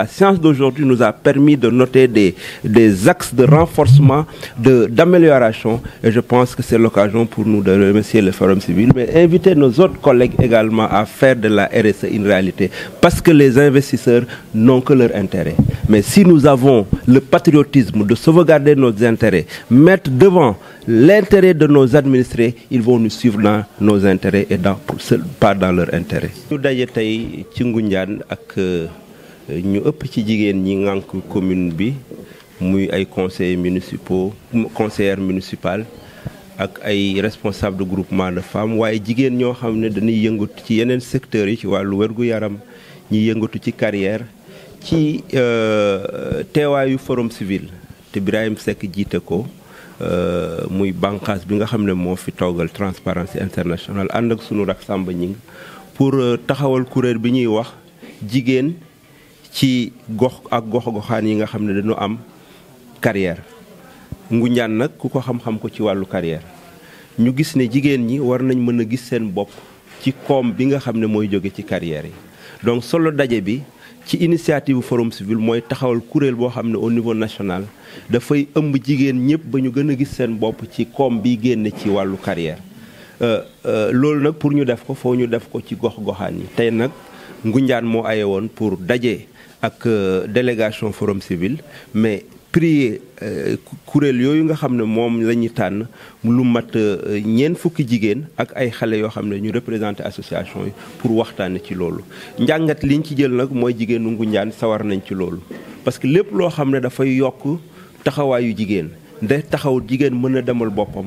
la science d'aujourd'hui nous a permis de noter des, axes de renforcement, d'amélioration. et je pense que c'est l'occasion pour nous de remercier le Forum civil, mais inviter nos autres collègues également à faire de la RSE une réalité. Parce que les investisseurs n'ont que leur intérêt. Mais si nous avons le patriotisme de sauvegarder nos intérêts, mettre devant l'intérêt de nos administrés, ils vont nous suivre dans nos intérêts et pas dans leurs intérêts. ñu ëpp ci jigéen ñi ŋànk commune bi muy ay conseillers municipaux conseillère municipal ak ay responsable de groupement de femmes waaye jigéen ñoo xam ne dañuy yëngatu ci yeneen secteurs yi ci wàllu wérgu yaram ñi yëngatu ci carrière ci euh, teewaayu forum civil te Birahim sekk jiite ko euh, muy bànqaas bi nga xam ne moo fi toogal Transparency International ànd ak sunu rax Samba Ñing pour euh, taxawal kuréel bi ñuy wax jigéen ci gox ak gox-goxaan yi nga xam ne dañu am ngu Ngoundiane nag ku ko xam-xam ko ci wàllu carrière ñu gis ne jigéen ñi war nañ mën a gis seen bopp ci koom bi nga xam ne mooy jóge ci carrière yi donc solo daje bi ci initiative forum civil mooy taxawal kuréel boo xam ne au niveau national dafay ëmb jigéen ñëpp ba ñu gën a gis seen bopp ci koom bi génne ci wàllu carrière euh, euh, loolu nag pour ñu def ko foo ñu def ko ci gox goxaan yi tey nag Ngoundiane moo aye woon pour daje ak euh, délégation forome civil mais prier euh, kuréel yooyu nga xam ne moom la tànn lu mat euh, ñeent fukki jigéen ak ay xale yoo xam ne ñu représenté association yi pour waxtaane ci loolu njàngat liñ ci jël nag mooy jigéenu Ngoundiane sawar nañ ci loolu parce que lépp loo xam ne dafay yokk taxawaayu jigéen de taxaw jigéen mën a demal boppam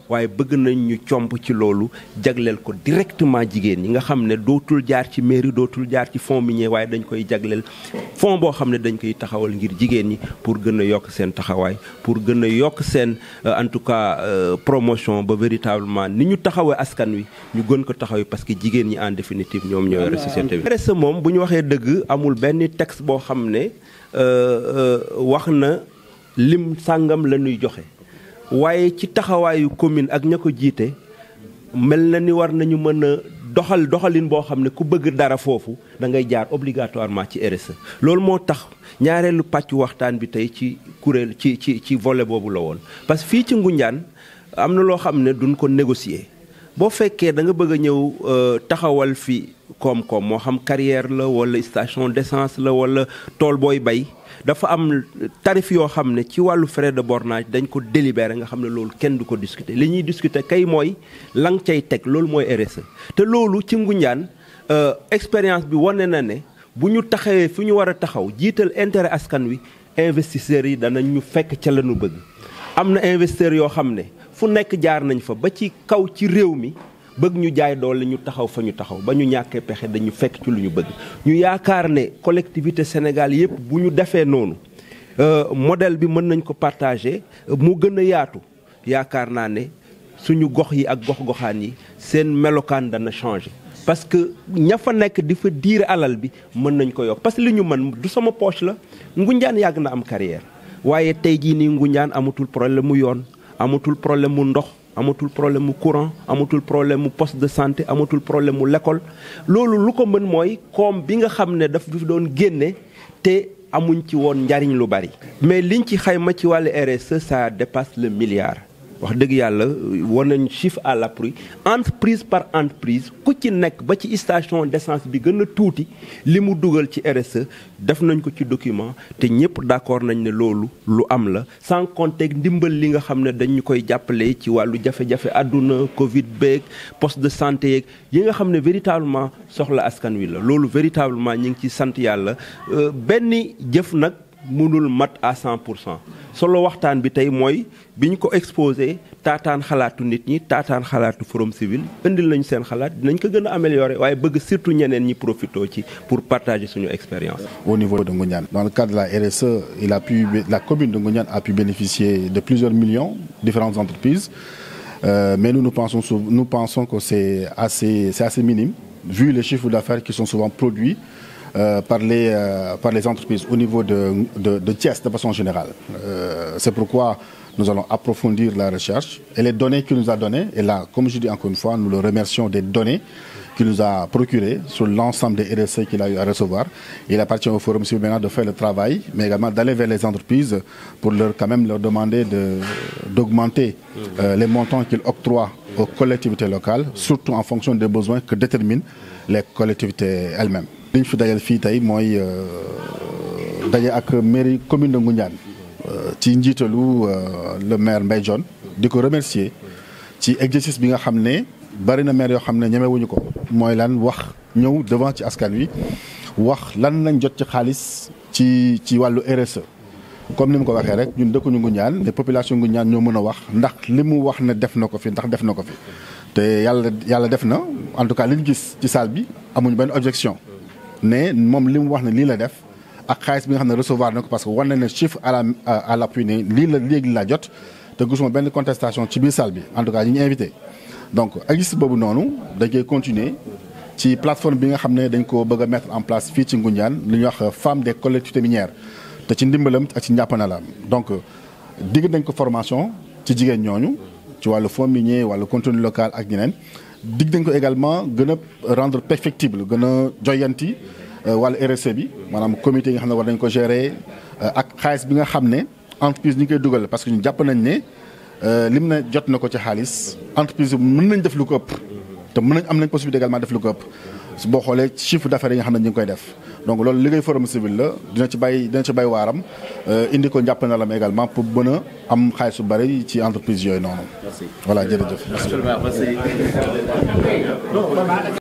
waaye bëgg nañ ñu comp ci loolu jagleel ko directement jigéen ñi nga xam ne dootul jaar ci mairie dootul jaar ci fonds minier waaye dañ koy jagleel fonds boo xam ne dañ koy taxawal ngir jigéen ñi pour gën a yokk seen taxawaay pour gën a yokk seen euh, en tout cas euh, promotion ba véritablement ni ñu taxawee askan wi ñu gën ko taxawee parce que jigéen ñi en définitive ñoom ñoo yore société bi RSE moom bu ñu waxee dëgg amul benn texte boo xam ne euh, wax na lim sàngam la ñuy joxe waaye ci taxawaayu commune ak ña ko jiite mel na ni war nañu mën a doxal doxalin boo xam ne ku bëgg dara foofu da ngay jaar obligatoirement ci RSE loolu moo tax ñaareelu pàcc waxtaan bi tey ci kuréel ci ci ci vole boobu la woon parce que fii ci ngunjaan am na loo xam ne duñ ko négocier bo fekkee da nga bëgg a ñëw euh, taxawal fi kom kom mo xam carrière la wala station d'essence la wala toll boy bay dafa am tarif yo xamné ne ci walu frais de bornage dañ ko délibéré nga xamné ne loolu kenn du ko discuter li ñuy discuter kay moy lang cey tek teg loolu mooy RSE te loolu ci euh expérience bi woné na né bu ñu taxawee fi ñu war taxaw jiital intérêt askan wi investisseurs yi danañ ñu fekk ci la bëgg am na investisseurs yoo ne. fu nekk jaar nañ fa ba ci kaw ci réew mi bëgg ñu jaay doole ñu taxaw fa ñu taxaw ba ñu ñàkkee pexe dañu fekk ci lu ñu bëgg ñu yaakaar ne collectivité Sénégal yépp bu ñu defee noonu euh, modèle bi mën nañ ko partager euh, mu gën a yaatu yaakaar naa ne suñu gox yi ak gox-goxaan yi seen melokaan dana changer parce que ña fa nekk di fa diir alal bi mën nañ ko yokk parce que li ñu mën du sama poche la Ngoundiane yàgg na am carrière waaye tey jii nii Ngoundiane amatul problème mu yoon amatul problème mu ndox amatul problème mu courant amatul problème mu post de santé amatul problème mu lekkool loolu lu ko mën mooy koom bi nga xam ne daf fi doon génne te amuñ ci woon njariñ lu bari mais liñ ci xayma ci wàllu RSE ça dépasse le milliard wax deug yalla won nañ chiffre à l'appui entreprise par entreprise ku ci nek ba ci station d'essence bi gëna touti limu duggal ci RSE def nañ ko ci document té ñëpp d'accord nañ né lolu lu am la sans compter ndimbal li nga xamné dañ dañu koy jàppale ci walu jafé jafé aduna Covid beeg poste de santé yeeg yi nga xam véritablement soxla askan wi la lolu véritablement ñing ngi ci sant yàlla euh, benn jëf nak mënul mat à 100% solo waxtaan bi tey mooy biñ ko exposé taataan xalaatu nit ñi taataan xalaatu forum civil indil nañu seen xalaat dinañ ko gën a améliorer waaye bëgg surtout ñeneen ñi profito ci pour partager suñu expérience. au niveau de Ngoundiane dans le cadre de la RSE il a pu la commune de Ngoundiane a pu bénéficier de plusieurs millions différentes entreprises euh, mais nous nous pensons nous pensons que c'est assez c'est assez minime vu les chiffres d'affaires qui sont souvent produits. Euh, euh, par, les, entreprises au niveau de, de, de façon générale. Euh, c'est pourquoi nous allons approfondir la recherche et les données qu'il nous a données. Et là, comme je dis encore une fois, nous le remercions des données qu'il nous a procurées sur l'ensemble des RSC e qu'il a eu à recevoir. Il appartient au Forum Sibéna de faire le travail, mais également d'aller vers les entreprises pour leur, quand même leur demander d'augmenter de, les montants qu'ils octroient aux collectivités locales, surtout en fonction des besoins que déterminent les collectivités elles-mêmes liñ fi dajal fii tey mooy euh, daje ak mairie commune de Ngoundiane euh, ci njiitalu euh, le maire Mbaye Dione di ko remercier ci exercice bi nga xam ne bari na maire yoo xam ne ñemewuñu ko mooy lan wax ñëw devant ci askan wi wax lan lañ jot ci xaalis ci ci wàllu RSE comme ni mu ko waxee rek ñun dëkkuñu Ngoundiane les population Ngoundiane ñoo mën a wax ndax li mu wax ne def na ko fi ndax def na ko fi te yàlla yàlla def na en tout cas liñ gis ci salle bi amuñ benn objection ne moom li mu wax ne lii la def ak xaalis bi nga xam ne recevoir na ko parce que war na ne chiffre à la à l'appui ne lii la léegi la jot te gisuma benn contestation ci biir salle bi en tout cas ñi ñu invité donc agis boobu noonu dañ koy continuer ci plateforme bi nga xam ne dañ ko bëgg a mettre en place fii ci Ngoundiane li ñuy wax femme des collectivités minières te ci ndimbalam ak ci njàppanalam donc digg nañ ko formation ci jigéen ñooñu ci wàllu fonds minier wàllu contenu local ak ñeneen dig nañ également gën rendre perfectible gëna joyanti euh, wal RSC e bi manam comité yi nga xamne war nañ ko gérer euh, ak xaalis bi nga xam entreprise ni koy dugal parce que ñu japp nañ ne euh, lim na jot nako ci xaalis entreprise bi mën nañ def lu ko te mën nañ am nañ possibilité également def lu ko boo xoolee chiffre d'affaires yi nga xam ne ñu ngi koy def donc loolu liggéey forum civil la dina ci bàyyi dina ci bàyyi waaram euh, indi ko njàppandalam également pour mën am xaalis su bari ci entreprise yooyu noonu. voilà jërëjëf.